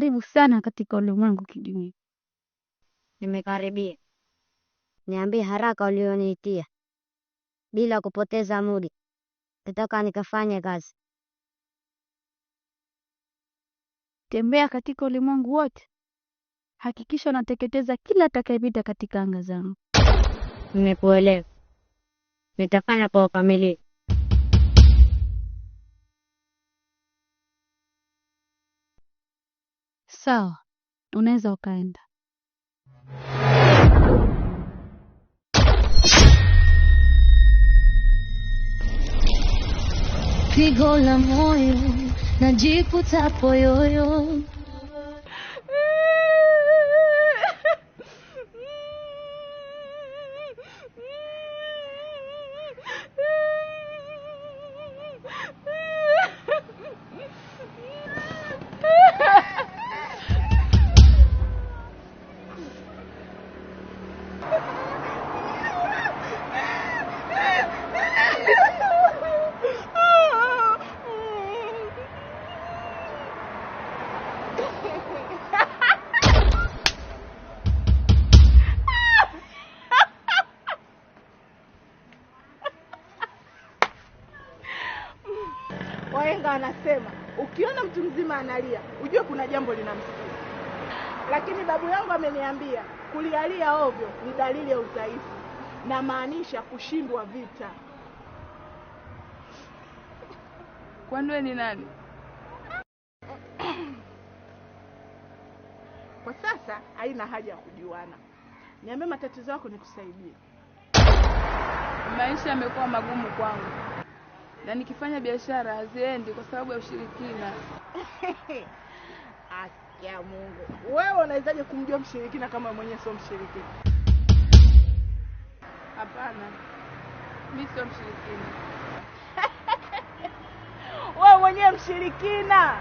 karibu sana katika ulimwengu kidunia. Nimekaribia, niambie haraka ulioniitia bila kupoteza muda, nataka nikafanye kazi. Tembea katika ulimwengu wote, hakikisha unateketeza kila atakayepita katika anga zangu. Nimekuelewa, nitafanya kwa ukamilifu. sawa, unaweza ukaenda. Pigo la moyo najiputa poyoyo mzima analia, ujue kuna jambo linamsikia. Lakini babu yangu ameniambia kulialia ovyo ni dalili ya udhaifu, na maanisha kushindwa vita. Kwani wewe ni nani? Kwa sasa haina haja ya kujuana. Niambie matatizo yako nikusaidie. Maisha yamekuwa magumu kwangu na nikifanya biashara haziendi kwa sababu ya ushirikina. Askia Mungu, wewe unawezaje kumjua mshirikina kama mwenyewe sio mshirikina? Hapana, mi sio mshirikina. Wewe mwenyewe mshirikina.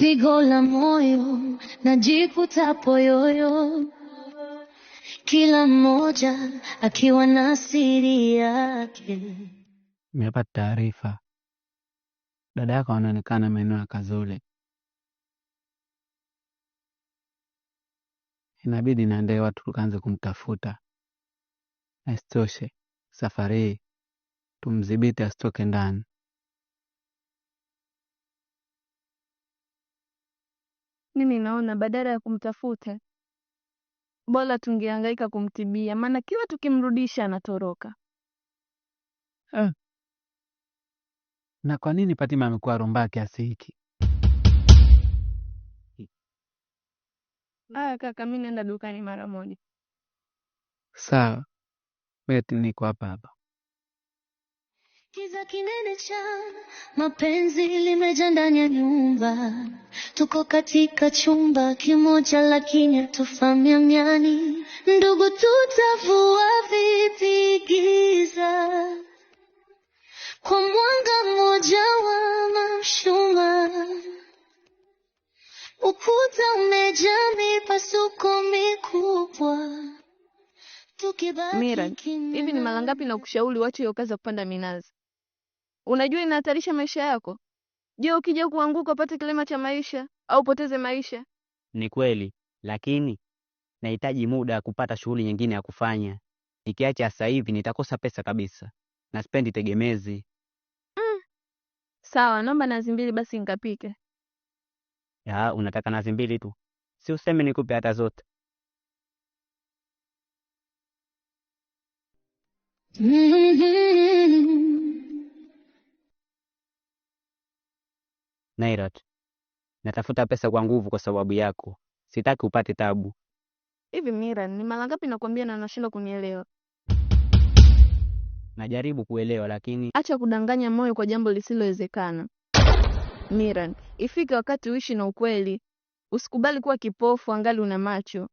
pigo la moyo najikuta poyoyo, kila mmoja akiwa na siri yake. Nimepata taarifa dada yako anaonekana maeneo ya Kazole, inabidi naendee watu tukaanze kumtafuta. Asitoshe safari hii tumdhibiti asitoke ndani. Mimi naona badala ya kumtafuta bora tungehangaika kumtibia, maana kila tukimrudisha anatoroka eh. Na kwa nini patima amekuwa rumba kiasi hiki? Aya ah, kaka, mi naenda dukani mara moja. Sawa, wetniko hapa hapa. Kiza kinene cha mapenzi limeja ndani ya nyumba, tuko katika chumba kimoja, lakini hatufahamiani. Ndugu, tutavua vipi giza kwa mwanga mmoja wa mshumaa? Ukuta umejaa mipasuko mikubwa. Mira, hivi ni mara ngapi na kushauri wache hiyo kazi ya kupanda minazi? Unajua inahatarisha maisha yako. Je, ukija kuanguka upate kilema cha maisha au upoteze maisha? Ni kweli, lakini nahitaji muda ya kupata shughuli nyingine ya kufanya. Nikiacha sasa hivi nitakosa pesa kabisa, na spendi tegemezi. Mm. Sawa, naomba nazi mbili basi nikapike. Ya, unataka nazi mbili tu? Si useme nikupe hata zote. nairat natafuta pesa kwa nguvu kwa sababu yako, sitaki upate tabu. Hivi Mira, ni mara ngapi nakwambia na nashindwa kunielewa? Najaribu kuelewa lakini acha kudanganya moyo kwa jambo lisilowezekana. Miran, ifike wakati uishi na ukweli. Usikubali kuwa kipofu angali una macho.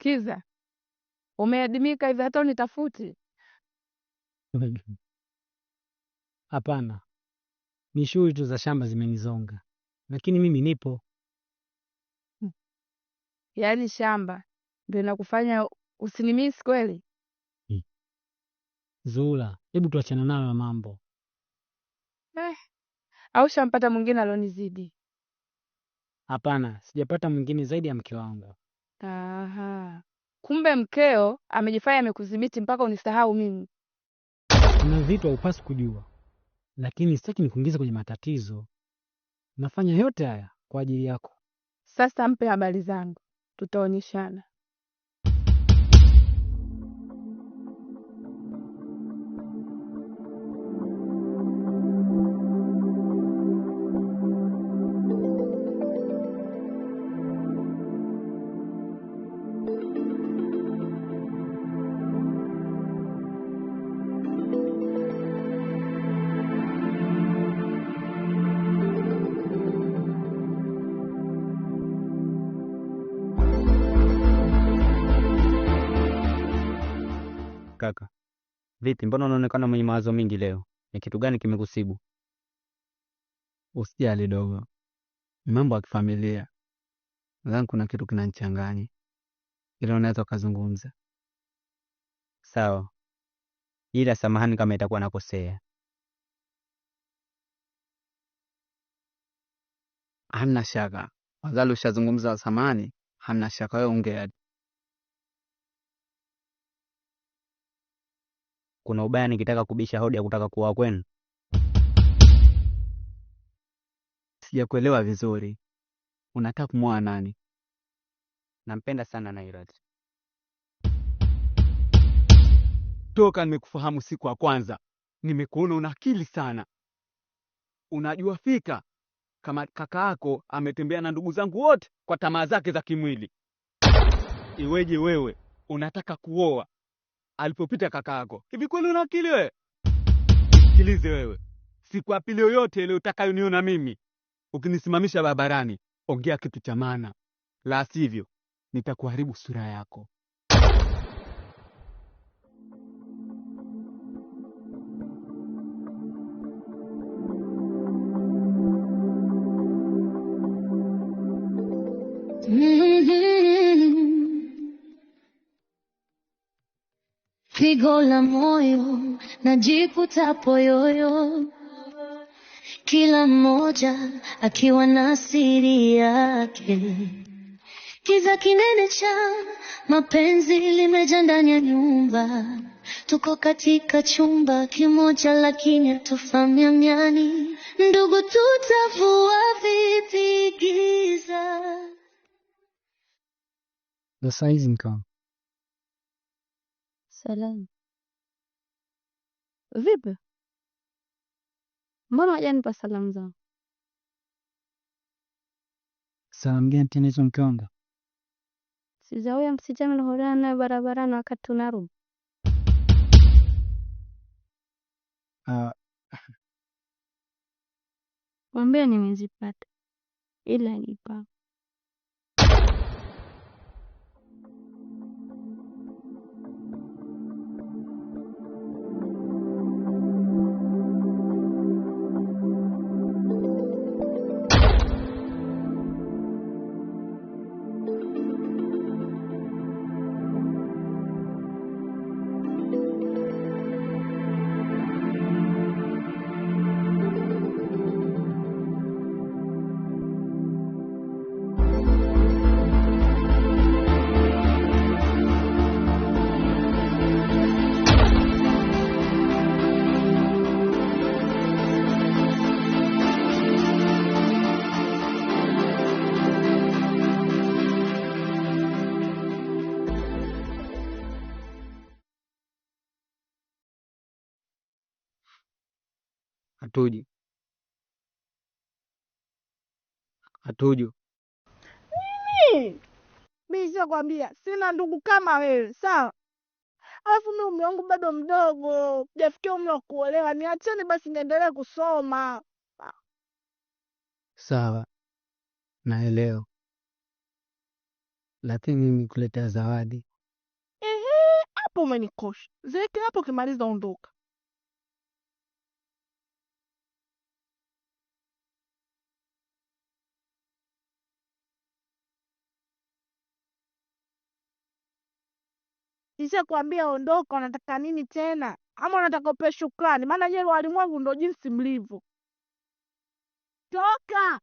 Kiza umeadimika hivi, hata unitafuti? Hapana, ni shughuli tu za shamba zimenizonga, lakini mimi nipo. Hmm. Yaani shamba ndio inakufanya usinimisi kweli? Hmm. Zula, hebu tuachana nayo ya mambo eh. Au shampata mwingine alonizidi? Hapana, sijapata mwingine zaidi ya mke wangu. Aha. Kumbe mkeo amejifanya amekudhibiti mpaka unisahau mimi. Kuna vitu haupasi kujua, lakini sitaki nikuingize kwenye matatizo. Nafanya yote haya kwa ajili yako. Sasa mpe habari zangu, tutaonyeshana. Kaka vipi, mbona unaonekana mwenye mawazo mingi leo? Ni kitu gani kimekusibu? Usijali dogo, mambo ya kifamilia. Nadhani kuna kitu kinanichanganya, ila unaweza ukazungumza. Sawa, ila samahani kama itakuwa nakosea. Hamna shaka, wazali ushazungumza. samani. hamna shaka, wewe kuna ubaya nikitaka kubisha hodi ya kutaka kuoa kwenu? Sijakuelewa vizuri. Unataka kumwoa nani? Nampenda sana Nairat. Toka nimekufahamu siku ya kwanza nimekuona una akili sana, unajua fika kama kaka yako ametembea na ndugu zangu wote kwa tamaa zake za kimwili. Iweje wewe unataka kuoa alipopita yako. Hivi kweli una akili wewe? Sikilize wewe, siku ya pili yoyote ile utakayoniona mimi ukinisimamisha barabarani, ongea kitu cha maana, la sivyo nitakuharibu sura yako. pigo la moyo najikuta poyoyo, kila mmoja akiwa na siri yake. Kiza kinene cha mapenzi limeja ndani ya nyumba, tuko katika chumba kimoja lakini hatufahamiani. Ndugu, tutavua vipi giza? The sizing come Salam. Vipi? Mbona hajanipa salamu zangu? Salamu gani tena hizo mke wangu? Si za huyo msichana nilihorana naye barabarani wakati tunarudi. Uh, ah. mwambie nimezipata ila nipa Atujo hatuju mimi mishakwambia sina ndugu kama wewe sawa. Alafu mi umri wangu bado mdogo, jafikia umri wa kuolewa. Niacheni basi niendelee kusoma. Sawa, naelewa, lakini mimi kuletea zawadi hapo umenikosha. zeke hapo, kimaliza ondoka. Nishakwambia ondoka, unataka nini tena? Ama unataka upe shukrani? Maana je, walimwengu ndo jinsi mlivyo. Toka.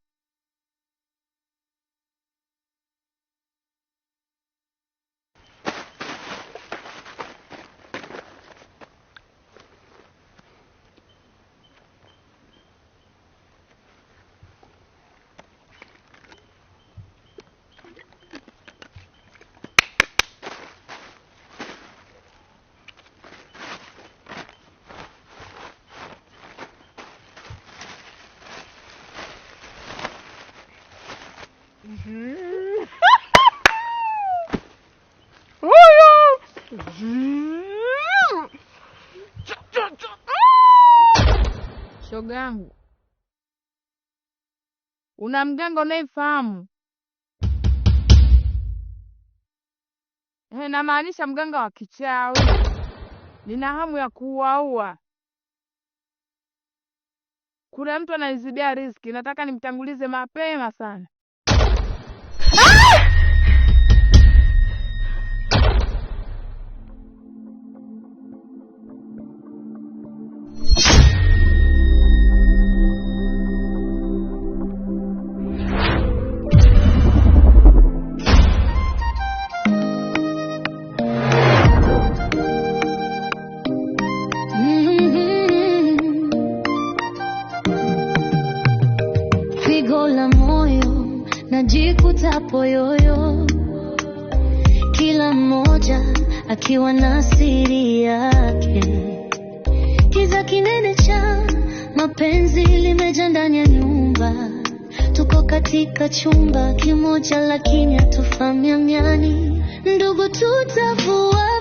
shoga yangu, una mganga unayemfahamu? Eh, namaanisha mganga wa kichawi. Nina hamu ya kuuaua. Kuna mtu ananizibia riziki, nataka nimtangulize mapema sana. nje ndani ya nyumba, tuko katika chumba kimoja, lakini hatufahamiani ndugu, tutavua